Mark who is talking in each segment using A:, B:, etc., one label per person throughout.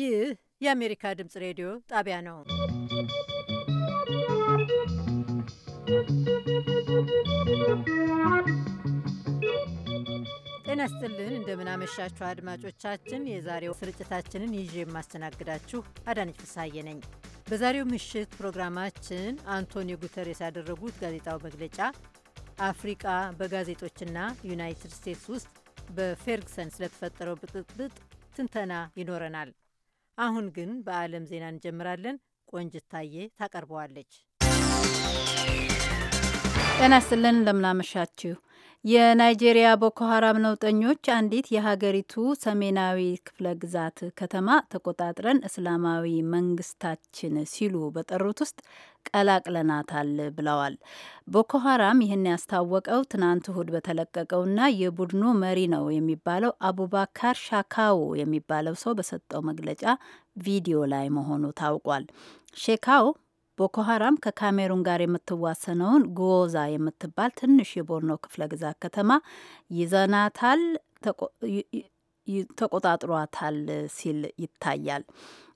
A: ይህ የአሜሪካ ድምፅ ሬዲዮ ጣቢያ ነው። ጤና ስጥልን፣ እንደምናመሻችሁ አድማጮቻችን። የዛሬው ስርጭታችንን ይዤ የማስተናግዳችሁ አዳነች ፍስሐዬ ነኝ። በዛሬው ምሽት ፕሮግራማችን አንቶኒዮ ጉተሬስ ያደረጉት ጋዜጣዊ መግለጫ አፍሪቃ በጋዜጦችና ዩናይትድ ስቴትስ ውስጥ በፌርግሰን ስለተፈጠረው ብጥብጥ ትንተና ይኖረናል። አሁን ግን በዓለም ዜና እንጀምራለን። ቆንጅታዬ ታቀርበዋለች።
B: ጤና ይስጥልን፣ እንደምናመሻችሁ የናይጄሪያ ቦኮ ሀራም ነውጠኞች አንዲት የሀገሪቱ ሰሜናዊ ክፍለ ግዛት ከተማ ተቆጣጥረን እስላማዊ መንግስታችን ሲሉ በጠሩት ውስጥ ቀላቅለናታል ብለዋል። ቦኮ ሀራም ይህን ያስታወቀው ትናንት እሁድ በተለቀቀውና የቡድኑ መሪ ነው የሚባለው አቡባካር ሻካዎ የሚባለው ሰው በሰጠው መግለጫ ቪዲዮ ላይ መሆኑ ታውቋል። ሼካው ቦኮ ሀራም ከካሜሩን ጋር የምትዋሰነውን ጎዛ የምትባል ትንሽ የቦርኖ ክፍለ ግዛት ከተማ ይዘናታል ተቆጣጥሯታል ሲል ይታያል።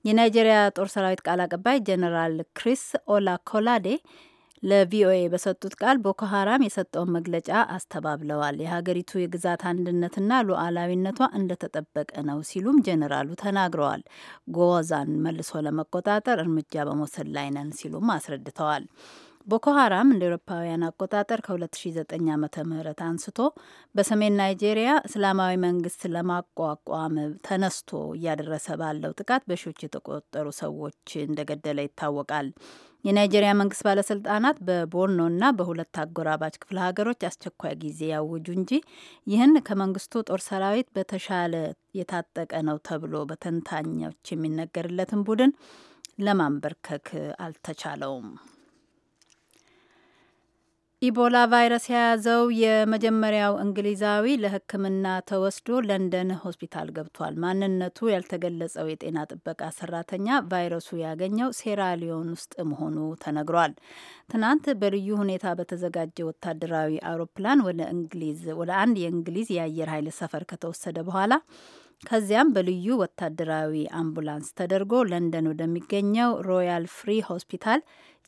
B: የናይጄሪያ ጦር ሰራዊት ቃል አቀባይ ጀኔራል ክሪስ ኦላ ኮላዴ ለቪኦኤ በሰጡት ቃል ቦኮ ሀራም የሰጠውን መግለጫ አስተባብለዋል። የሀገሪቱ የግዛት አንድነትና ሉዓላዊነቷ እንደተጠበቀ ነው ሲሉም ጀኔራሉ ተናግረዋል። ጎዛን መልሶ ለመቆጣጠር እርምጃ በመውሰድ ላይ ነን ሲሉም አስረድተዋል። ቦኮ ሀራም እንደ ኤሮፓውያን አቆጣጠር ከ2009 ዓ ም አንስቶ በሰሜን ናይጄሪያ እስላማዊ መንግስት ለማቋቋም ተነስቶ እያደረሰ ባለው ጥቃት በሺዎች የተቆጠሩ ሰዎች እንደገደለ ይታወቃል። የናይጄሪያ መንግስት ባለስልጣናት በቦርኖና በሁለት አጎራባች ክፍለ ሀገሮች አስቸኳይ ጊዜ ያውጁ እንጂ ይህን ከመንግስቱ ጦር ሰራዊት በተሻለ የታጠቀ ነው ተብሎ በተንታኞች የሚነገርለትን ቡድን ለማንበርከክ አልተቻለውም። ኢቦላ ቫይረስ የያዘው የመጀመሪያው እንግሊዛዊ ለሕክምና ተወስዶ ለንደን ሆስፒታል ገብቷል። ማንነቱ ያልተገለጸው የጤና ጥበቃ ሰራተኛ ቫይረሱ ያገኘው ሴራሊዮን ውስጥ መሆኑ ተነግሯል። ትናንት በልዩ ሁኔታ በተዘጋጀ ወታደራዊ አውሮፕላን ወደ እንግሊዝ ወደ አንድ የእንግሊዝ የአየር ኃይል ሰፈር ከተወሰደ በኋላ ከዚያም በልዩ ወታደራዊ አምቡላንስ ተደርጎ ለንደን ወደሚገኘው ሮያል ፍሪ ሆስፒታል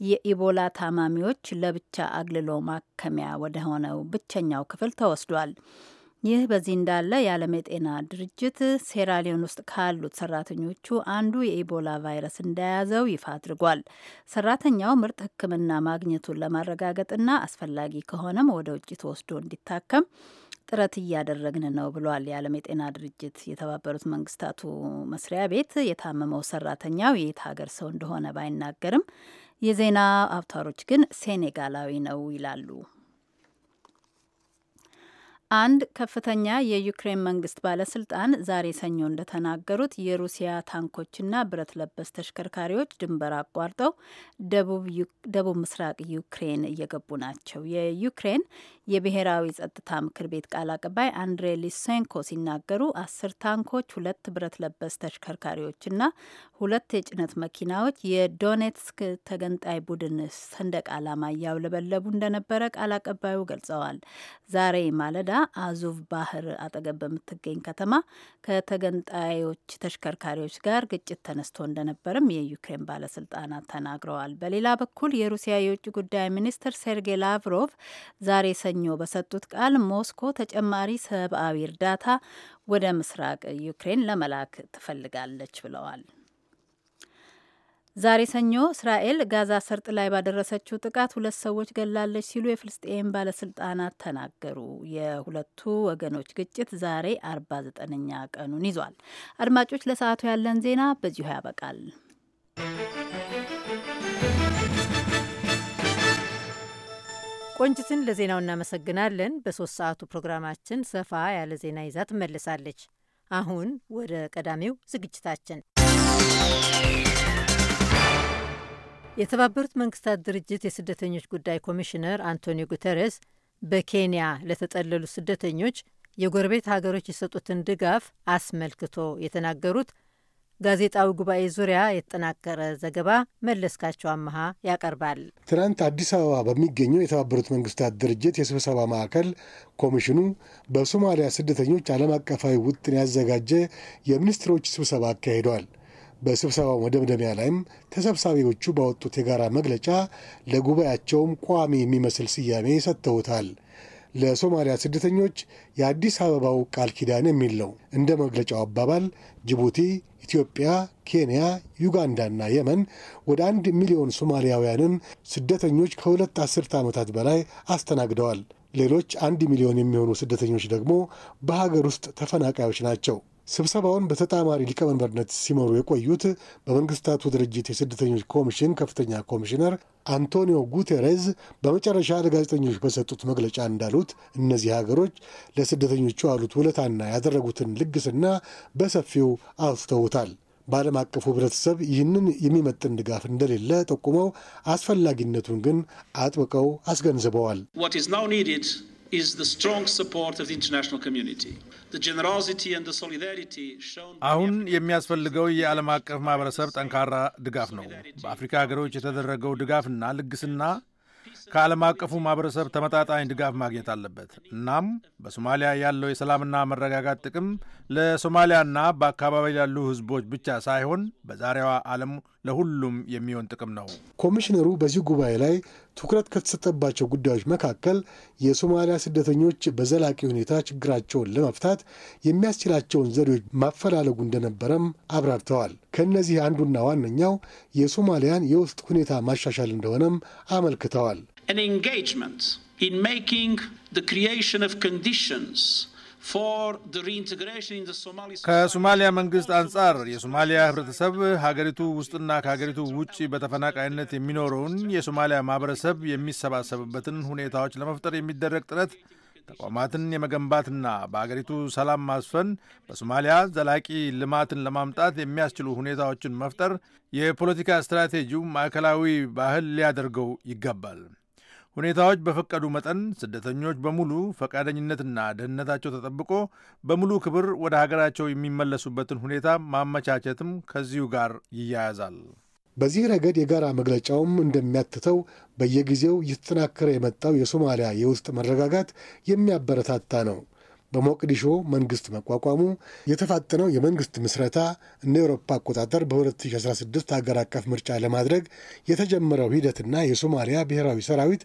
B: የኢቦላ ታማሚዎች ለብቻ አግልሎ ማከሚያ ወደሆነው ብቸኛው ክፍል ተወስዷል። ይህ በዚህ እንዳለ የዓለም የጤና ድርጅት ሴራሊዮን ውስጥ ካሉት ሰራተኞቹ አንዱ የኢቦላ ቫይረስ እንደያዘው ይፋ አድርጓል። ሰራተኛው ምርጥ ሕክምና ማግኘቱን ለማረጋገጥና አስፈላጊ ከሆነም ወደ ውጭ ተወስዶ እንዲታከም ጥረት እያደረግን ነው ብሏል። የዓለም የጤና ድርጅት የተባበሩት መንግስታቱ መስሪያ ቤት የታመመው ሰራተኛው የየት ሀገር ሰው እንደሆነ ባይናገርም የዜና አውታሮች ግን ሴኔጋላዊ ነው ይላሉ። አንድ ከፍተኛ የዩክሬን መንግስት ባለስልጣን ዛሬ ሰኞ እንደተናገሩት የሩሲያ ታንኮችና ብረት ለበስ ተሽከርካሪዎች ድንበር አቋርጠው ደቡብ ምስራቅ ዩክሬን እየገቡ ናቸው። የዩክሬን የብሔራዊ ጸጥታ ምክር ቤት ቃል አቀባይ አንድሬ ሊሴንኮ ሲናገሩ አስር ታንኮች፣ ሁለት ብረት ለበስ ተሽከርካሪዎችና ሁለት የጭነት መኪናዎች የዶኔትስክ ተገንጣይ ቡድን ሰንደቅ ዓላማ እያውለበለቡ እንደነበረ ቃል አቀባዩ ገልጸዋል። ዛሬ ማለዳ አዙቭ ባህር አጠገብ በምትገኝ ከተማ ከተገንጣዮች ተሽከርካሪዎች ጋር ግጭት ተነስቶ እንደነበርም የዩክሬን ባለስልጣናት ተናግረዋል። በሌላ በኩል የሩሲያ የውጭ ጉዳይ ሚኒስትር ሴርጌ ላቭሮቭ ዛሬ ሰኞ በሰጡት ቃል ሞስኮ ተጨማሪ ሰብአዊ እርዳታ ወደ ምስራቅ ዩክሬን ለመላክ ትፈልጋለች ብለዋል። ዛሬ ሰኞ እስራኤል ጋዛ ሰርጥ ላይ ባደረሰችው ጥቃት ሁለት ሰዎች ገላለች ሲሉ የፍልስጤም ባለስልጣናት ተናገሩ። የሁለቱ ወገኖች ግጭት ዛሬ አርባ ዘጠነኛ ቀኑን ይዟል። አድማጮች፣
A: ለሰዓቱ ያለን ዜና በዚሁ ያበቃል። ቆንጅትን ለዜናው እናመሰግናለን። በሶስት ሰዓቱ ፕሮግራማችን ሰፋ ያለ ዜና ይዛ ትመልሳለች። አሁን ወደ ቀዳሚው ዝግጅታችን የተባበሩት መንግስታት ድርጅት የስደተኞች ጉዳይ ኮሚሽነር አንቶኒዮ ጉተሬስ በኬንያ ለተጠለሉ ስደተኞች የጎረቤት ሀገሮች የሰጡትን ድጋፍ አስመልክቶ የተናገሩት ጋዜጣዊ ጉባኤ ዙሪያ የተጠናቀረ ዘገባ መለስካቸው አመሃ ያቀርባል።
C: ትናንት አዲስ አበባ በሚገኘው የተባበሩት መንግስታት ድርጅት የስብሰባ ማዕከል ኮሚሽኑ በሶማሊያ ስደተኞች ዓለም አቀፋዊ ውጥን ያዘጋጀ የሚኒስትሮች ስብሰባ አካሂዷል። በስብሰባው መደምደሚያ ላይም ተሰብሳቢዎቹ ባወጡት የጋራ መግለጫ ለጉባኤያቸውም ቋሚ የሚመስል ስያሜ ሰጥተውታል። ለሶማሊያ ስደተኞች የአዲስ አበባው ቃል ኪዳን የሚል ነው። እንደ መግለጫው አባባል ጅቡቲ፣ ኢትዮጵያ፣ ኬንያ፣ ዩጋንዳና የመን ወደ አንድ ሚሊዮን ሶማሊያውያንን ስደተኞች ከሁለት አስርተ ዓመታት በላይ አስተናግደዋል። ሌሎች አንድ ሚሊዮን የሚሆኑ ስደተኞች ደግሞ በሀገር ውስጥ ተፈናቃዮች ናቸው። ስብሰባውን በተጣማሪ ሊቀመንበርነት ሲመሩ የቆዩት በመንግስታቱ ድርጅት የስደተኞች ኮሚሽን ከፍተኛ ኮሚሽነር አንቶኒዮ ጉቴሬዝ በመጨረሻ ለጋዜጠኞች በሰጡት መግለጫ እንዳሉት እነዚህ ሀገሮች ለስደተኞቹ ያሉት ውለታና ያደረጉትን ልግስና በሰፊው አውስተውታል። በዓለም አቀፉ ህብረተሰብ ይህንን የሚመጥን ድጋፍ እንደሌለ ጠቁመው አስፈላጊነቱን ግን አጥብቀው አስገንዝበዋል።
D: አሁን የሚያስፈልገው የዓለም አቀፍ ማህበረሰብ ጠንካራ ድጋፍ ነው። በአፍሪካ ሀገሮች የተደረገው ድጋፍና ልግስና ከዓለም አቀፉ ማህበረሰብ ተመጣጣኝ ድጋፍ ማግኘት አለበት። እናም በሶማሊያ ያለው የሰላምና መረጋጋት ጥቅም ለሶማሊያና በአካባቢ ላሉ ህዝቦች ብቻ ሳይሆን በዛሬዋ ዓለም ለሁሉም የሚሆን ጥቅም ነው።
C: ኮሚሽነሩ በዚህ ጉባኤ ላይ ትኩረት ከተሰጠባቸው ጉዳዮች መካከል የሶማሊያ ስደተኞች በዘላቂ ሁኔታ ችግራቸውን ለመፍታት የሚያስችላቸውን ዘዴዎች ማፈላለጉ እንደነበረም አብራርተዋል። ከእነዚህ አንዱና ዋነኛው የሶማሊያን የውስጥ ሁኔታ ማሻሻል እንደሆነም
D: አመልክተዋል። ከሶማሊያ መንግስት አንጻር የሶማሊያ ህብረተሰብ ሀገሪቱ ውስጥና ከሀገሪቱ ውጭ በተፈናቃይነት የሚኖረውን የሶማሊያ ማህበረሰብ የሚሰባሰብበትን ሁኔታዎች ለመፍጠር የሚደረግ ጥረት ተቋማትን የመገንባትና በሀገሪቱ ሰላም ማስፈን በሶማሊያ ዘላቂ ልማትን ለማምጣት የሚያስችሉ ሁኔታዎችን መፍጠር የፖለቲካ ስትራቴጂው ማዕከላዊ ባህል ሊያደርገው ይገባል። ሁኔታዎች በፈቀዱ መጠን ስደተኞች በሙሉ ፈቃደኝነትና ደህንነታቸው ተጠብቆ በሙሉ ክብር ወደ ሀገራቸው የሚመለሱበትን ሁኔታ ማመቻቸትም ከዚሁ ጋር ይያያዛል።
C: በዚህ ረገድ የጋራ መግለጫውም እንደሚያትተው በየጊዜው እየተጠናከረ የመጣው የሶማሊያ የውስጥ መረጋጋት የሚያበረታታ ነው። በሞቅዲሾ መንግስት መቋቋሙ፣ የተፋጠነው የመንግስት ምስረታ እንደ ኤውሮፓ አቆጣጠር በ2016 ሀገር አቀፍ ምርጫ ለማድረግ የተጀመረው ሂደትና የሶማሊያ ብሔራዊ ሰራዊት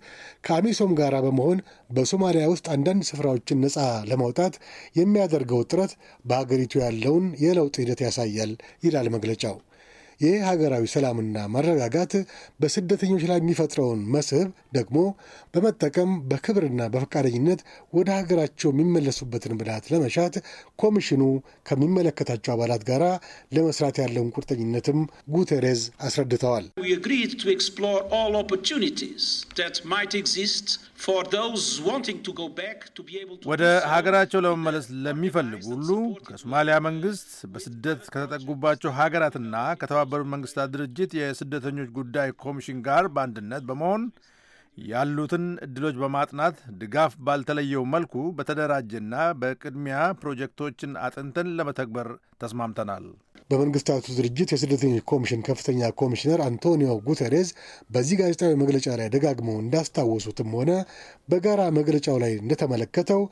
C: ከአሚሶም ጋር በመሆን በሶማሊያ ውስጥ አንዳንድ ስፍራዎችን ነፃ ለማውጣት የሚያደርገው ጥረት በሀገሪቱ ያለውን የለውጥ ሂደት ያሳያል ይላል መግለጫው። ይህ ሀገራዊ ሰላምና መረጋጋት በስደተኞች ላይ የሚፈጥረውን መስህብ ደግሞ በመጠቀም በክብርና በፈቃደኝነት ወደ ሀገራቸው የሚመለሱበትን ብልሃት ለመሻት ኮሚሽኑ ከሚመለከታቸው አባላት ጋር ለመስራት ያለውን ቁርጠኝነትም ጉቴሬዝ አስረድተዋል።
E: ወደ
D: ሀገራቸው ለመመለስ ለሚፈልጉ ሁሉ ከሶማሊያ መንግስት በስደት ከተጠጉባቸው ሀገራትና ከተባበሩት መንግስታት ድርጅት የስደተኞች ጉዳይ ኮሚሽን ጋር በአንድነት በመሆን ያሉትን እድሎች በማጥናት ድጋፍ ባልተለየው መልኩ በተደራጀና በቅድሚያ ፕሮጀክቶችን አጥንተን ለመተግበር ተስማምተናል።
C: በመንግስታቱ ድርጅት የስደተኞች ኮሚሽን ከፍተኛ ኮሚሽነር አንቶኒዮ ጉተሬዝ በዚህ ጋዜጣዊ መግለጫ ላይ ደጋግመው እንዳስታወሱትም ሆነ በጋራ መግለጫው ላይ እንደተመለከተው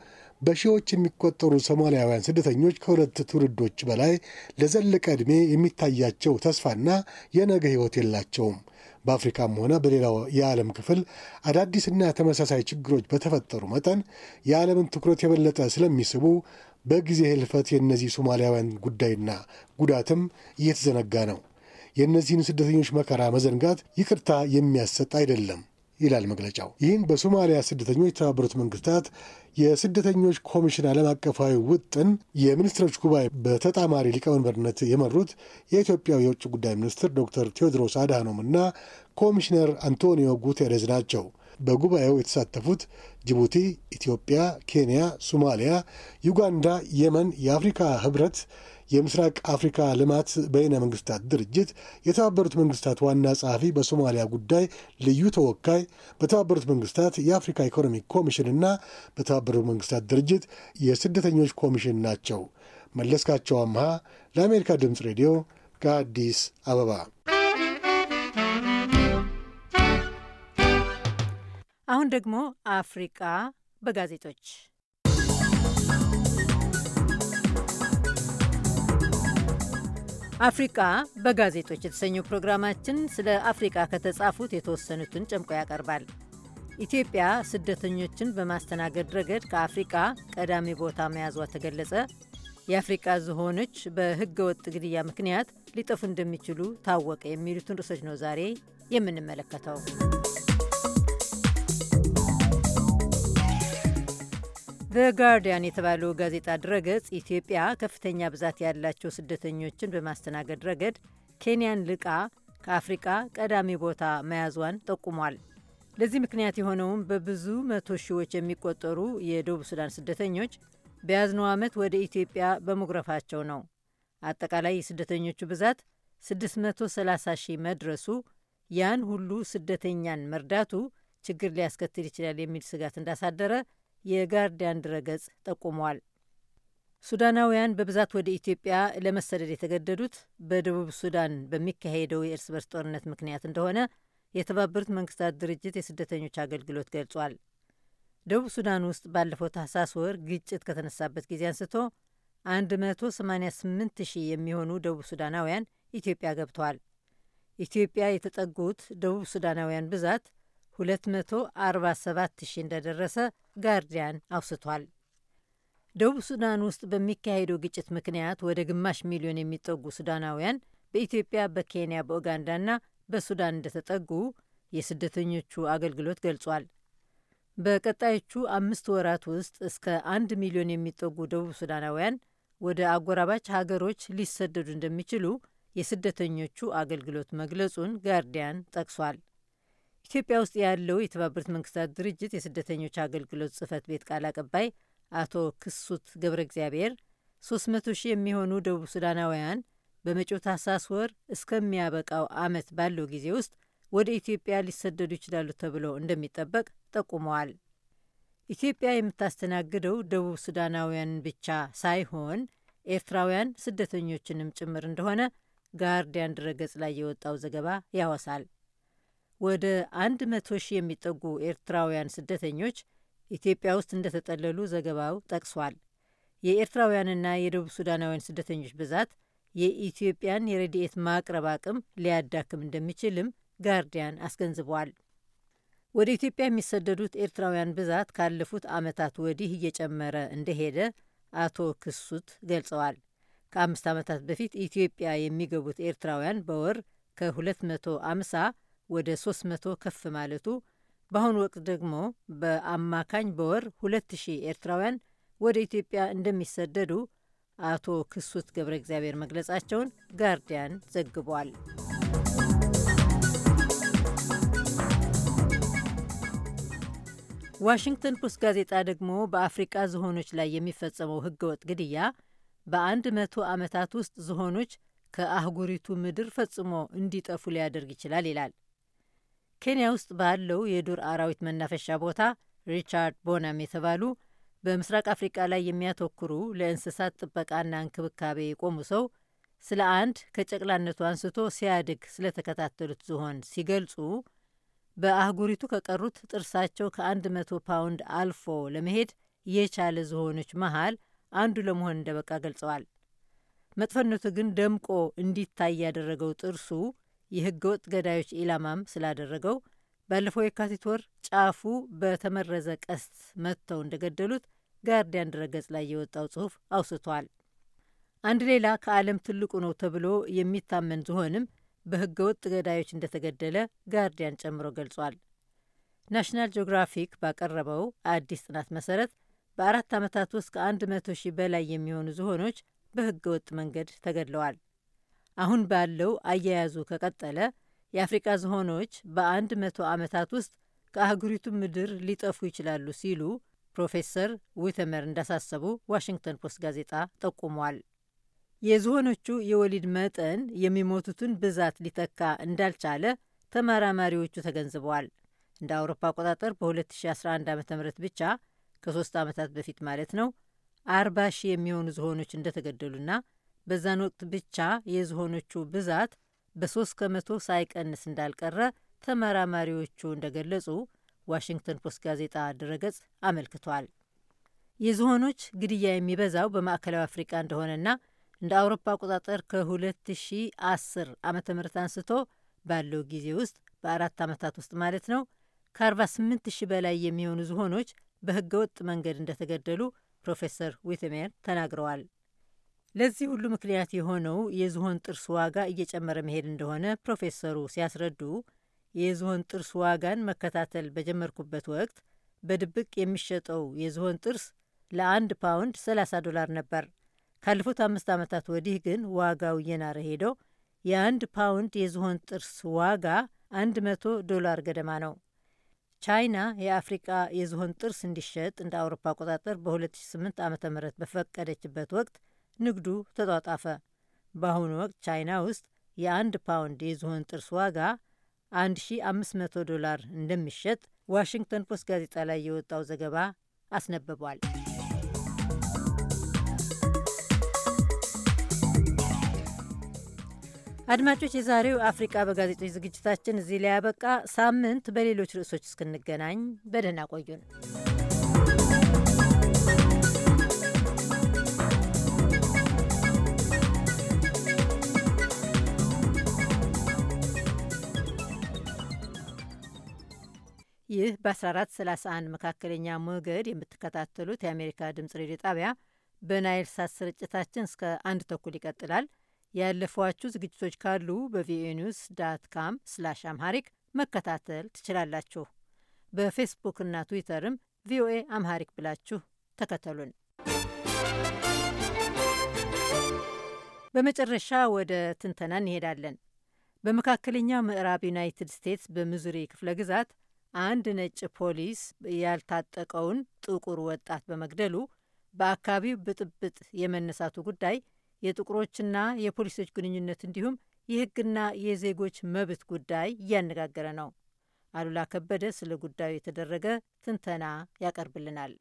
C: በሺዎች የሚቆጠሩ ሶማሊያውያን ስደተኞች ከሁለት ትውልዶች በላይ ለዘለቀ ዕድሜ የሚታያቸው ተስፋና የነገ ሕይወት የላቸውም። በአፍሪካም ሆነ በሌላው የዓለም ክፍል አዳዲስና ተመሳሳይ ችግሮች በተፈጠሩ መጠን የዓለምን ትኩረት የበለጠ ስለሚስቡ በጊዜ ህልፈት የእነዚህ ሶማሊያውያን ጉዳይና ጉዳትም እየተዘነጋ ነው። የእነዚህን ስደተኞች መከራ መዘንጋት ይቅርታ የሚያሰጥ አይደለም። ይላል መግለጫው። ይህን በሶማሊያ ስደተኞች የተባበሩት መንግስታት የስደተኞች ኮሚሽን ዓለም አቀፋዊ ውጥን የሚኒስትሮች ጉባኤ በተጣማሪ ሊቀመንበርነት የመሩት የኢትዮጵያው የውጭ ጉዳይ ሚኒስትር ዶክተር ቴዎድሮስ አድሃኖም እና ኮሚሽነር አንቶኒዮ ጉቴሬዝ ናቸው። በጉባኤው የተሳተፉት ጅቡቲ፣ ኢትዮጵያ፣ ኬንያ፣ ሶማሊያ፣ ዩጋንዳ፣ የመን፣ የአፍሪካ ህብረት፣ የምስራቅ አፍሪካ ልማት በይነ መንግስታት ድርጅት፣ የተባበሩት መንግስታት ዋና ጸሐፊ በሶማሊያ ጉዳይ ልዩ ተወካይ፣ በተባበሩት መንግስታት የአፍሪካ ኢኮኖሚክ ኮሚሽን እና በተባበሩት መንግስታት ድርጅት የስደተኞች ኮሚሽን ናቸው። መለስካቸው አምሃ ለአሜሪካ ድምፅ ሬዲዮ ከአዲስ አበባ
A: አሁን ደግሞ አፍሪቃ በጋዜጦች አፍሪቃ በጋዜጦች የተሰኘው ፕሮግራማችን ስለ አፍሪቃ ከተጻፉት የተወሰኑትን ጨምቆ ያቀርባል። ኢትዮጵያ ስደተኞችን በማስተናገድ ረገድ ከአፍሪቃ ቀዳሚ ቦታ መያዟ ተገለጸ፣ የአፍሪቃ ዝሆኖች በሕገ ወጥ ግድያ ምክንያት ሊጠፉ እንደሚችሉ ታወቀ፣ የሚሉትን ርዕሶች ነው ዛሬ የምንመለከተው። ዘ ጋርዲያን የተባለው ጋዜጣ ድረገጽ ኢትዮጵያ ከፍተኛ ብዛት ያላቸው ስደተኞችን በማስተናገድ ረገድ ኬንያን ልቃ ከአፍሪቃ ቀዳሚ ቦታ መያዟን ጠቁሟል። ለዚህ ምክንያት የሆነውም በብዙ መቶ ሺዎች የሚቆጠሩ የደቡብ ሱዳን ስደተኞች በያዝነው ዓመት ወደ ኢትዮጵያ በመጉረፋቸው ነው። አጠቃላይ የስደተኞቹ ብዛት 630 ሺህ መድረሱ ያን ሁሉ ስደተኛን መርዳቱ ችግር ሊያስከትል ይችላል የሚል ስጋት እንዳሳደረ የጋርዲያን ድረገጽ ጠቁሟል። ሱዳናውያን በብዛት ወደ ኢትዮጵያ ለመሰደድ የተገደዱት በደቡብ ሱዳን በሚካሄደው የእርስ በርስ ጦርነት ምክንያት እንደሆነ የተባበሩት መንግስታት ድርጅት የስደተኞች አገልግሎት ገልጿል። ደቡብ ሱዳን ውስጥ ባለፈው ታህሳስ ወር ግጭት ከተነሳበት ጊዜ አንስቶ 188 ሺህ የሚሆኑ ደቡብ ሱዳናውያን ኢትዮጵያ ገብተዋል። ኢትዮጵያ የተጠጉት ደቡብ ሱዳናውያን ብዛት 247 ሺህ እንደደረሰ ጋርዲያን አውስቷል። ደቡብ ሱዳን ውስጥ በሚካሄደው ግጭት ምክንያት ወደ ግማሽ ሚሊዮን የሚጠጉ ሱዳናውያን በኢትዮጵያ፣ በኬንያ፣ በኡጋንዳና በሱዳን እንደተጠጉ የስደተኞቹ አገልግሎት ገልጿል። በቀጣዮቹ አምስት ወራት ውስጥ እስከ አንድ ሚሊዮን የሚጠጉ ደቡብ ሱዳናውያን ወደ አጎራባች ሀገሮች ሊሰደዱ እንደሚችሉ የስደተኞቹ አገልግሎት መግለጹን ጋርዲያን ጠቅሷል። ኢትዮጵያ ውስጥ ያለው የተባበሩት መንግስታት ድርጅት የስደተኞች አገልግሎት ጽህፈት ቤት ቃል አቀባይ አቶ ክሱት ገብረ እግዚአብሔር 300 ሺህ የሚሆኑ ደቡብ ሱዳናውያን በመጪው ታህሳስ ወር እስከሚያበቃው ዓመት ባለው ጊዜ ውስጥ ወደ ኢትዮጵያ ሊሰደዱ ይችላሉ ተብሎ እንደሚጠበቅ ጠቁመዋል። ኢትዮጵያ የምታስተናግደው ደቡብ ሱዳናውያን ብቻ ሳይሆን ኤርትራውያን ስደተኞችንም ጭምር እንደሆነ ጋርዲያን ድረገጽ ላይ የወጣው ዘገባ ያወሳል። ወደ 100 ሺህ የሚጠጉ ኤርትራውያን ስደተኞች ኢትዮጵያ ውስጥ እንደተጠለሉ ዘገባው ጠቅሷል። የኤርትራውያንና የደቡብ ሱዳናውያን ስደተኞች ብዛት የኢትዮጵያን የረድኤት ማቅረብ አቅም ሊያዳክም እንደሚችልም ጋርዲያን አስገንዝቧል። ወደ ኢትዮጵያ የሚሰደዱት ኤርትራውያን ብዛት ካለፉት ዓመታት ወዲህ እየጨመረ እንደሄደ አቶ ክሱት ገልጸዋል። ከአምስት ዓመታት በፊት ኢትዮጵያ የሚገቡት ኤርትራውያን በወር ከ250 ወደ 300 ከፍ ማለቱ፣ በአሁኑ ወቅት ደግሞ በአማካኝ በወር 2000 ኤርትራውያን ወደ ኢትዮጵያ እንደሚሰደዱ አቶ ክሱት ገብረ እግዚአብሔር መግለጻቸውን ጋርዲያን ዘግቧል። ዋሽንግተን ፖስት ጋዜጣ ደግሞ በአፍሪቃ ዝሆኖች ላይ የሚፈጸመው ህገወጥ ግድያ በአንድ መቶ ዓመታት ውስጥ ዝሆኖች ከአህጉሪቱ ምድር ፈጽሞ እንዲጠፉ ሊያደርግ ይችላል ይላል። ኬንያ ውስጥ ባለው የዱር አራዊት መናፈሻ ቦታ ሪቻርድ ቦናም የተባሉ በምስራቅ አፍሪቃ ላይ የሚያተኩሩ ለእንስሳት ጥበቃና እንክብካቤ የቆሙ ሰው ስለ አንድ ከጨቅላነቱ አንስቶ ሲያድግ ስለተከታተሉት ዝሆን ሲገልጹ በአህጉሪቱ ከቀሩት ጥርሳቸው ከ100 ፓውንድ አልፎ ለመሄድ የቻለ ዝሆኖች መሃል አንዱ ለመሆን እንደበቃ ገልጸዋል። መጥፈነቱ ግን ደምቆ እንዲታይ ያደረገው ጥርሱ የህገ ወጥ ገዳዮች ኢላማም ስላደረገው ባለፈው የካቲት ወር ጫፉ በተመረዘ ቀስት መትተው እንደገደሉት ጋርዲያን ድረገጽ ላይ የወጣው ጽሑፍ አውስቷል። አንድ ሌላ ከዓለም ትልቁ ነው ተብሎ የሚታመን ዝሆንም በህገወጥ ገዳዮች እንደተገደለ ጋርዲያን ጨምሮ ገልጿል። ናሽናል ጂኦግራፊክ ባቀረበው አዲስ ጥናት መሰረት በአራት ዓመታት ውስጥ ከአንድ መቶ ሺህ በላይ የሚሆኑ ዝሆኖች በህገወጥ መንገድ ተገድለዋል። አሁን ባለው አያያዙ ከቀጠለ የአፍሪቃ ዝሆኖች በአንድ መቶ ዓመታት ውስጥ ከአህጉሪቱ ምድር ሊጠፉ ይችላሉ ሲሉ ፕሮፌሰር ዊተመር እንዳሳሰቡ ዋሽንግተን ፖስት ጋዜጣ ጠቁሟል። የዝሆኖቹ የወሊድ መጠን የሚሞቱትን ብዛት ሊተካ እንዳልቻለ ተመራማሪዎቹ ተገንዝበዋል። እንደ አውሮፓ አቆጣጠር በ2011 ዓ ም ብቻ ከሶስት ዓመታት በፊት ማለት ነው 40 ሺህ የሚሆኑ ዝሆኖች እንደተገደሉና በዛን ወቅት ብቻ የዝሆኖቹ ብዛት በሶስት ከመቶ ሳይቀንስ እንዳልቀረ ተመራማሪዎቹ እንደገለጹ ዋሽንግተን ፖስት ጋዜጣ ድረገጽ አመልክቷል። የዝሆኖች ግድያ የሚበዛው በማዕከላዊ አፍሪቃ እንደሆነና እንደ አውሮፓ አቆጣጠር ከ2010 ዓ ም አንስቶ ባለው ጊዜ ውስጥ በአራት ዓመታት ውስጥ ማለት ነው ከ48 ሺ በላይ የሚሆኑ ዝሆኖች በህገወጥ መንገድ እንደተገደሉ ፕሮፌሰር ዊትሜር ተናግረዋል። ለዚህ ሁሉ ምክንያት የሆነው የዝሆን ጥርስ ዋጋ እየጨመረ መሄድ እንደሆነ ፕሮፌሰሩ ሲያስረዱ የዝሆን ጥርስ ዋጋን መከታተል በጀመርኩበት ወቅት በድብቅ የሚሸጠው የዝሆን ጥርስ ለአንድ ፓውንድ 30 ዶላር ነበር። ካለፉት አምስት ዓመታት ወዲህ ግን ዋጋው እየናረ ሄዶ የአንድ ፓውንድ የዝሆን ጥርስ ዋጋ 100 ዶላር ገደማ ነው። ቻይና የአፍሪቃ የዝሆን ጥርስ እንዲሸጥ እንደ አውሮፓ አቆጣጠር በ2008 ዓ ም በፈቀደችበት ወቅት ንግዱ ተጧጣፈ። በአሁኑ ወቅት ቻይና ውስጥ የአንድ ፓውንድ የዝሆን ጥርስ ዋጋ 1500 ዶላር እንደሚሸጥ ዋሽንግተን ፖስት ጋዜጣ ላይ የወጣው ዘገባ አስነብቧል። አድማጮች፣ የዛሬው አፍሪቃ በጋዜጦች ዝግጅታችን እዚህ ላይ ያበቃ። ሳምንት በሌሎች ርዕሶች እስክንገናኝ በደህና ቆዩን። ይህ በ1431 መካከለኛ ሞገድ የምትከታተሉት የአሜሪካ ድምጽ ሬዲዮ ጣቢያ በናይል ሳት ስርጭታችን እስከ አንድ ተኩል ይቀጥላል። ያለፏችሁ ዝግጅቶች ካሉ በቪኦኤ ኒውስ ዳት ካም ስላሽ አምሃሪክ መከታተል ትችላላችሁ። በፌስቡክና ትዊተርም ቪኦኤ አምሃሪክ ብላችሁ ተከተሉን። በመጨረሻ ወደ ትንተና እንሄዳለን። በመካከለኛው ምዕራብ ዩናይትድ ስቴትስ በምዙሪ ክፍለ ግዛት አንድ ነጭ ፖሊስ ያልታጠቀውን ጥቁር ወጣት በመግደሉ በአካባቢው ብጥብጥ የመነሳቱ ጉዳይ የጥቁሮችና የፖሊሶች ግንኙነት እንዲሁም የሕግና የዜጎች መብት ጉዳይ እያነጋገረ ነው። አሉላ ከበደ ስለ ጉዳዩ የተደረገ ትንተና ያቀርብልናል።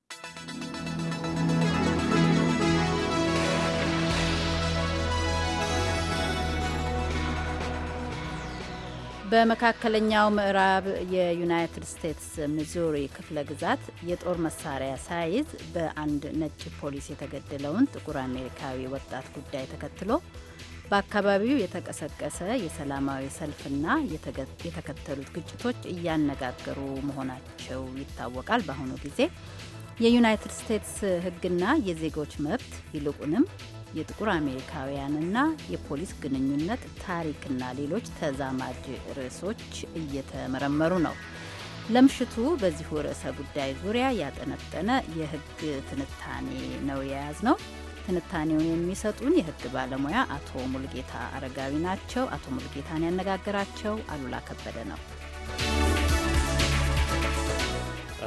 B: በመካከለኛው ምዕራብ የዩናይትድ ስቴትስ ሚዙሪ ክፍለ ግዛት የጦር መሳሪያ ሳይዝ በአንድ ነጭ ፖሊስ የተገደለውን ጥቁር አሜሪካዊ ወጣት ጉዳይ ተከትሎ በአካባቢው የተቀሰቀሰ የሰላማዊ ሰልፍና የተከተሉት ግጭቶች እያነጋገሩ መሆናቸው ይታወቃል። በአሁኑ ጊዜ የዩናይትድ ስቴትስ ሕግና የዜጎች መብት ይልቁንም የጥቁር አሜሪካውያንና የፖሊስ ግንኙነት ታሪክና ሌሎች ተዛማጅ ርዕሶች እየተመረመሩ ነው። ለምሽቱ በዚሁ ርዕሰ ጉዳይ ዙሪያ ያጠነጠነ የሕግ ትንታኔ ነው የያዝ ነው። ትንታኔውን የሚሰጡን የሕግ ባለሙያ አቶ ሙልጌታ አረጋዊ ናቸው። አቶ ሙልጌታን ያነጋገራቸው አሉላ ከበደ ነው።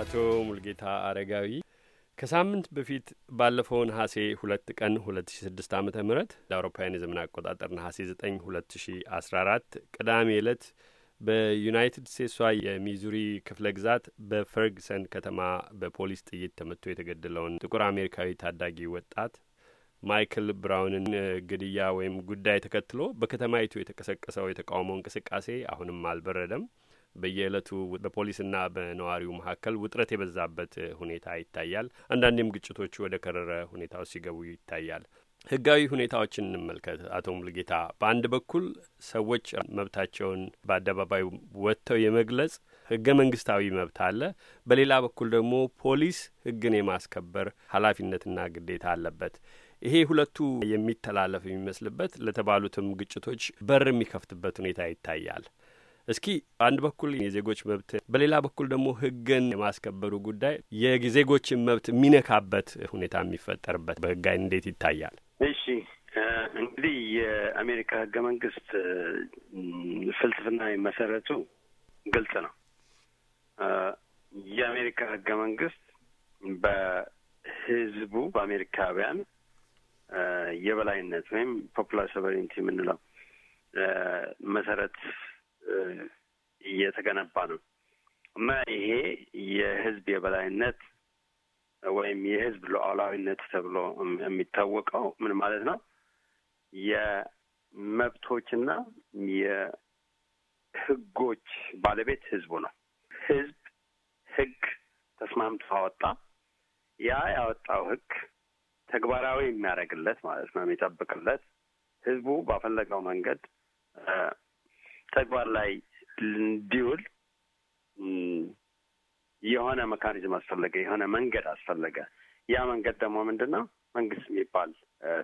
F: አቶ ሙልጌታ አረጋዊ ከሳምንት በፊት ባለፈው ነሐሴ ሁለት ቀን ሁለት ሺ ስድስት ዓመተ ምህረት ለአውሮፓውያን የዘመን አቆጣጠር ነሐሴ ዘጠኝ ሁለት ሺ አስራ አራት ቅዳሜ ዕለት በዩናይትድ ስቴትሷ የሚዙሪ ክፍለ ግዛት በፈርግሰን ከተማ በፖሊስ ጥይት ተመቶ የተገደለውን ጥቁር አሜሪካዊ ታዳጊ ወጣት ማይክል ብራውንን ግድያ ወይም ጉዳይ ተከትሎ በከተማይቱ የተቀሰቀሰው የተቃውሞ እንቅስቃሴ አሁንም አልበረደም። በየዕለቱ በፖሊስና በነዋሪው መካከል ውጥረት የበዛበት ሁኔታ ይታያል። አንዳንዴም ግጭቶቹ ወደ ከረረ ሁኔታ ውስጥ ሲገቡ ይታያል። ህጋዊ ሁኔታዎችን እንመልከት። አቶ ሙልጌታ፣ በአንድ በኩል ሰዎች መብታቸውን በአደባባይ ወጥተው የመግለጽ ህገ መንግስታዊ መብት አለ። በሌላ በኩል ደግሞ ፖሊስ ህግን የማስከበር ኃላፊነትና ግዴታ አለበት። ይሄ ሁለቱ የሚተላለፍ የሚመስልበት ለተባሉትም ግጭቶች በር የሚከፍትበት ሁኔታ ይታያል። እስኪ አንድ በኩል የዜጎች መብት፣ በሌላ በኩል ደግሞ ህግን የማስከበሩ ጉዳይ የዜጎችን መብት የሚነካበት ሁኔታ የሚፈጠርበት በሕግ እንዴት ይታያል?
E: እሺ እንግዲህ የአሜሪካ ህገ መንግስት ፍልስፍና መሰረቱ ግልጽ ነው። የአሜሪካ ህገ መንግስት በህዝቡ በአሜሪካውያን የበላይነት ወይም ፖፑላር ሶቨሬንቲ የምንለው መሰረት እየተገነባ ነው እና ይሄ የህዝብ የበላይነት ወይም የህዝብ ሉዓላዊነት ተብሎ የሚታወቀው ምን ማለት ነው? የመብቶችና የህጎች ባለቤት ህዝቡ ነው። ህዝብ ህግ ተስማምቶ አወጣ። ያ ያወጣው ህግ ተግባራዊ የሚያደርግለት ማለት ነው፣ የሚጠብቅለት ህዝቡ ባፈለገው መንገድ ተግባር ላይ እንዲውል የሆነ መካኒዝም አስፈለገ፣ የሆነ መንገድ አስፈለገ። ያ መንገድ ደግሞ ምንድን ነው? መንግስት የሚባል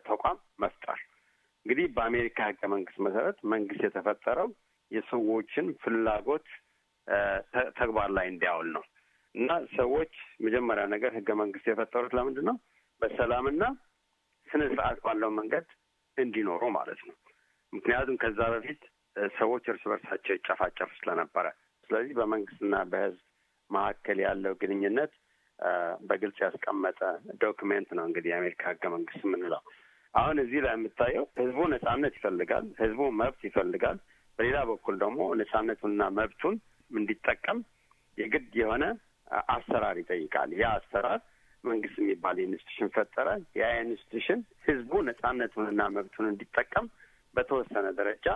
E: ተቋም መፍጠር። እንግዲህ በአሜሪካ ህገ መንግስት መሰረት መንግስት የተፈጠረው የሰዎችን ፍላጎት ተግባር ላይ እንዲያውል ነው እና ሰዎች መጀመሪያ ነገር ህገ መንግስት የፈጠሩት ለምንድን ነው? በሰላምና ስነ ስርዓት ባለው መንገድ እንዲኖሩ ማለት ነው። ምክንያቱም ከዛ በፊት ሰዎች እርስ በርሳቸው ይጨፋጨፍ ስለነበረ፣ ስለዚህ በመንግስትና በህዝብ መካከል ያለው ግንኙነት በግልጽ ያስቀመጠ ዶክመንት ነው። እንግዲህ የአሜሪካ ህገ መንግስት የምንለው አሁን እዚህ ላይ የምታየው ህዝቡ ነጻነት ይፈልጋል፣ ህዝቡ መብት ይፈልጋል። በሌላ በኩል ደግሞ ነጻነቱንና መብቱን እንዲጠቀም የግድ የሆነ አሰራር ይጠይቃል። ያ አሰራር መንግስት የሚባል ኢንስቲቱሽን ፈጠረ። ያ ኢንስቲቱሽን ህዝቡ ነጻነቱንና መብቱን እንዲጠቀም በተወሰነ ደረጃ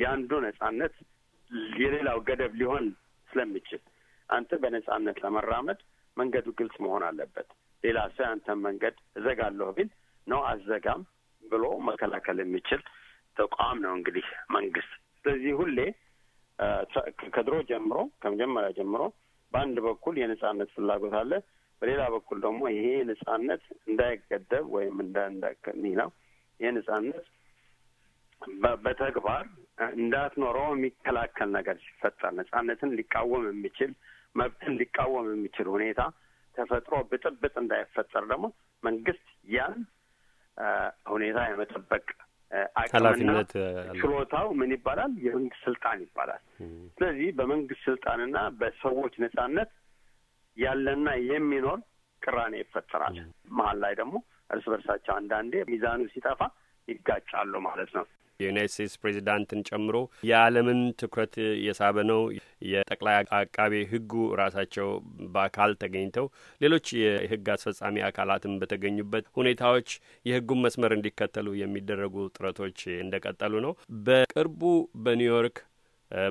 E: የአንዱ ነጻነት የሌላው ገደብ ሊሆን ስለሚችል አንተ በነጻነት ለመራመድ መንገዱ ግልጽ መሆን አለበት። ሌላ ሰው ያንተን መንገድ እዘጋለሁ ቢል ነው አዘጋም ብሎ መከላከል የሚችል ተቋም ነው እንግዲህ መንግስት። ስለዚህ ሁሌ ከድሮ ጀምሮ ከመጀመሪያ ጀምሮ በአንድ በኩል የነጻነት ፍላጎት አለ፣ በሌላ በኩል ደግሞ ይሄ ነጻነት እንዳይገደብ ወይም ነው ይሄ ነጻነት በተግባር እንዳትኖረው የሚከላከል ነገር ሲፈጠር ነጻነትን ሊቃወም የሚችል መብትን ሊቃወም የሚችል ሁኔታ ተፈጥሮ ብጥብጥ እንዳይፈጠር ደግሞ መንግስት ያን ሁኔታ የመጠበቅ አቅምና ችሎታው ምን ይባላል? የመንግስት ስልጣን ይባላል። ስለዚህ በመንግስት ስልጣንና በሰዎች ነጻነት ያለና የሚኖር ቅራኔ ይፈጠራል። መሀል ላይ ደግሞ እርስ በርሳቸው አንዳንዴ ሚዛኑ ሲጠፋ ይጋጫሉ ማለት ነው። የዩናይት
F: ስቴትስ ፕሬዚዳንትን ጨምሮ የዓለምን ትኩረት የሳበ ነው። የጠቅላይ አቃቤ ሕጉ ራሳቸው በአካል ተገኝተው ሌሎች የሕግ አስፈጻሚ አካላትን በተገኙበት ሁኔታዎች የሕጉን መስመር እንዲከተሉ የሚደረጉ ጥረቶች እንደቀጠሉ ነው። በቅርቡ በኒውዮርክ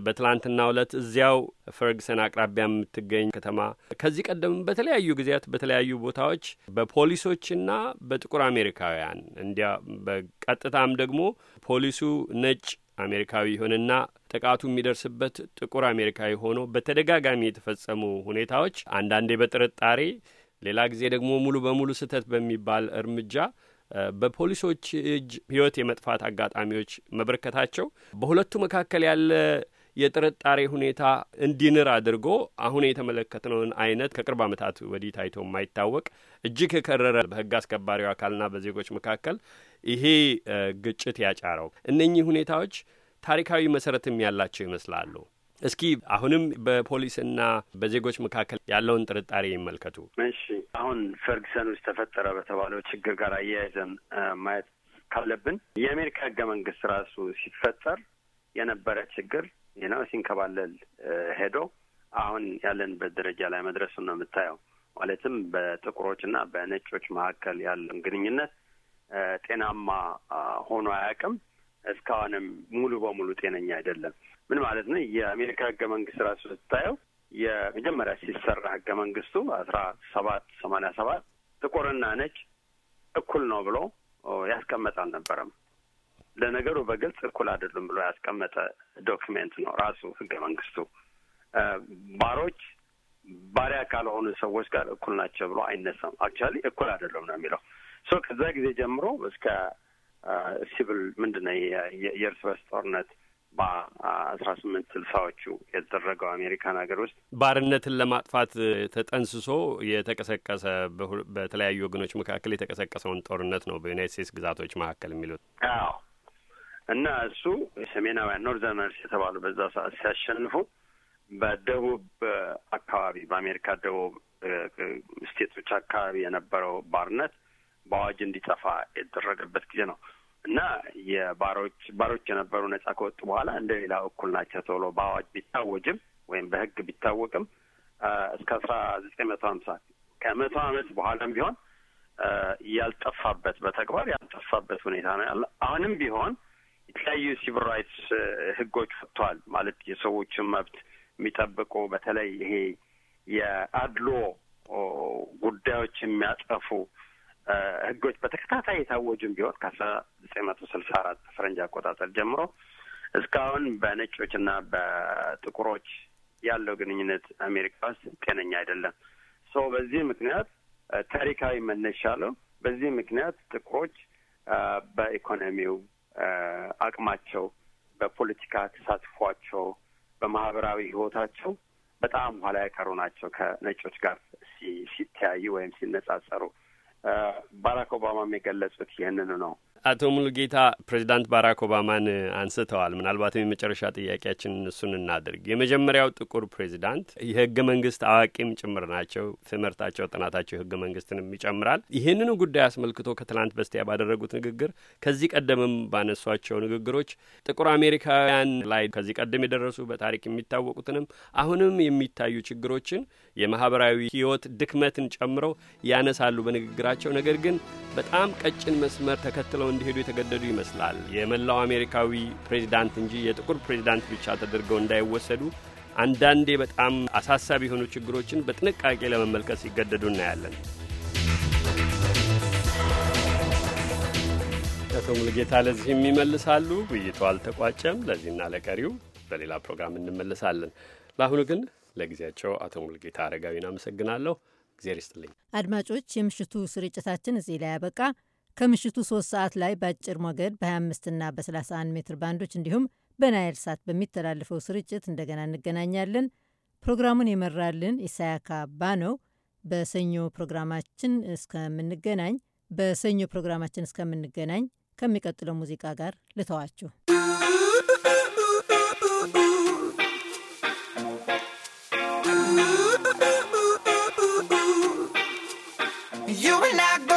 F: በትላንትና ዕለት እዚያው ፈርግሰን አቅራቢያ የምትገኝ ከተማ ከዚህ ቀደም በተለያዩ ጊዜያት በተለያዩ ቦታዎች በፖሊሶችና በጥቁር አሜሪካውያን እንዲያ በቀጥታም ደግሞ ፖሊሱ ነጭ አሜሪካዊ ይሁንና ጥቃቱ የሚደርስበት ጥቁር አሜሪካዊ ሆኖ በተደጋጋሚ የተፈጸሙ ሁኔታዎች አንዳንዴ በጥርጣሬ ሌላ ጊዜ ደግሞ ሙሉ በሙሉ ስህተት በሚባል እርምጃ በፖሊሶች እጅ ህይወት የመጥፋት አጋጣሚዎች መበረከታቸው በሁለቱ መካከል ያለ የጥርጣሬ ሁኔታ እንዲንር አድርጎ አሁን የተመለከትነውን አይነት ከቅርብ ዓመታት ወዲህ ታይቶ የማይታወቅ እጅግ የከረረ በህግ አስከባሪው አካልና በዜጎች መካከል ይሄ ግጭት ያጫረው እነኚህ ሁኔታዎች ታሪካዊ መሰረትም ያላቸው ይመስላሉ። እስኪ አሁንም በፖሊስና በዜጎች መካከል ያለውን ጥርጣሬ ይመልከቱ።
E: እሺ፣ አሁን ፈርግሰን ውስጥ ተፈጠረ በተባለው ችግር ጋር አያይዘን ማየት ካለብን የአሜሪካ ህገ መንግስት ራሱ ሲፈጠር የነበረ ችግር ነው ሲንከባለል ሄዶ አሁን ያለንበት ደረጃ ላይ መድረሱ ነው የምታየው። ማለትም በጥቁሮች እና በነጮች መካከል ያለውን ግንኙነት ጤናማ ሆኖ አያውቅም። እስካሁንም ሙሉ በሙሉ ጤነኛ አይደለም። ምን ማለት ነው? የአሜሪካ ህገ መንግስት ራሱ ስታየው የመጀመሪያ ሲሰራ ህገ መንግስቱ አስራ ሰባት ሰማንያ ሰባት ጥቁርና ነጭ እኩል ነው ብሎ ያስቀመጠ አልነበረም። ለነገሩ በግልጽ እኩል አይደሉም ብሎ ያስቀመጠ ዶክሜንት ነው ራሱ ህገ መንግስቱ። ባሮች ባሪያ ካልሆኑ ሰዎች ጋር እኩል ናቸው ብሎ አይነሳም። አክቹዋሊ እኩል አይደሉም ነው የሚለው ሶ ከዛ ጊዜ ጀምሮ እስከ ሲቪል ምንድን ነው የእርስ በርስ ጦርነት በአስራ ስምንት ስልሳዎቹ የተደረገው አሜሪካን ሀገር ውስጥ
F: ባርነትን ለማጥፋት ተጠንስሶ የተቀሰቀሰ በተለያዩ ወገኖች መካከል የተቀሰቀሰውን ጦርነት ነው በዩናይት ስቴትስ ግዛቶች መካከል የሚሉት።
E: አዎ። እና እሱ የሰሜናውያን ኖርዘርነርስ የተባሉ በዛ ሰዓት ሲያሸንፉ በደቡብ አካባቢ በአሜሪካ ደቡብ ስቴቶች አካባቢ የነበረው ባርነት በአዋጅ እንዲጠፋ የተደረገበት ጊዜ ነው። እና የባሮች ባሮች የነበሩ ነጻ ከወጡ በኋላ እንደ ሌላ እኩል ናቸው ተብሎ በአዋጅ ቢታወጅም ወይም በህግ ቢታወቅም እስከ አስራ ዘጠኝ መቶ ሀምሳ ከመቶ አመት በኋላም ቢሆን ያልጠፋበት በተግባር ያልጠፋበት ሁኔታ ነው ያለ። አሁንም ቢሆን የተለያዩ ሲቪል ራይትስ ህጎች ወጥተዋል። ማለት የሰዎችን መብት የሚጠብቁ በተለይ ይሄ የአድሎ ጉዳዮች የሚያጠፉ ህጎች በተከታታይ የታወጁም ቢሆን ከአስራ ዘጠኝ መቶ ስልሳ አራት ፈረንጅ አቆጣጠር ጀምሮ እስካሁን በነጮችና በጥቁሮች ያለው ግንኙነት አሜሪካ ውስጥ ጤነኛ አይደለም። ሶ በዚህ ምክንያት ታሪካዊ መነሻ አለው። በዚህ ምክንያት ጥቁሮች በኢኮኖሚው አቅማቸው፣ በፖለቲካ ተሳትፏቸው፣ በማህበራዊ ህይወታቸው በጣም ኋላ የቀሩ ናቸው ከነጮች ጋር ሲተያዩ ወይም ሲነጻጸሩ Uh, Barack Obama make a list of here. No, no, no.
F: አቶ ሙሉጌታ ፕሬዚዳንት ባራክ ኦባማን አንስተዋል። ምናልባትም የመጨረሻ ጥያቄያችን እሱን እናድርግ። የመጀመሪያው ጥቁር ፕሬዚዳንት የህገ መንግስት አዋቂም ጭምር ናቸው። ትምህርታቸው፣ ጥናታቸው የህገ መንግስትንም ይጨምራል። ይህንኑ ጉዳይ አስመልክቶ ከትላንት በስቲያ ባደረጉት ንግግር፣ ከዚህ ቀደምም ባነሷቸው ንግግሮች ጥቁር አሜሪካውያን ላይ ከዚህ ቀደም የደረሱ በታሪክ የሚታወቁትንም አሁንም የሚታዩ ችግሮችን የማህበራዊ ህይወት ድክመትን ጨምረው ያነሳሉ በንግግራቸው። ነገር ግን በጣም ቀጭን መስመር ተከትለው እንዲሄዱ የተገደዱ ይመስላል። የመላው አሜሪካዊ ፕሬዚዳንት እንጂ የጥቁር ፕሬዚዳንት ብቻ ተደርገው እንዳይወሰዱ አንዳንዴ በጣም አሳሳቢ የሆኑ ችግሮችን በጥንቃቄ ለመመልከት ሲገደዱ እናያለን። አቶ ሙልጌታ ለዚህም ይመልሳሉ። ውይይቱ አልተቋጨም። ለዚህና ለቀሪው በሌላ ፕሮግራም እንመልሳለን። ለአሁኑ ግን ለጊዜያቸው አቶ ሙልጌታ አረጋዊን አመሰግናለሁ። እግዜር ይስጥልኝ።
A: አድማጮች፣ የምሽቱ ስርጭታችን እዚህ ላይ ያበቃ። ከምሽቱ 3 ሰዓት ላይ በአጭር ሞገድ በ25 እና በ31 ሜትር ባንዶች እንዲሁም በናይል ሳት በሚተላለፈው ስርጭት እንደገና እንገናኛለን። ፕሮግራሙን የመራልን ኢሳያካ ባነው። በሰኞ ፕሮግራማችን እስከምንገናኝ በሰኞ ፕሮግራማችን እስከምንገናኝ ከሚቀጥለው ሙዚቃ ጋር ልተዋችሁ።
G: You and I go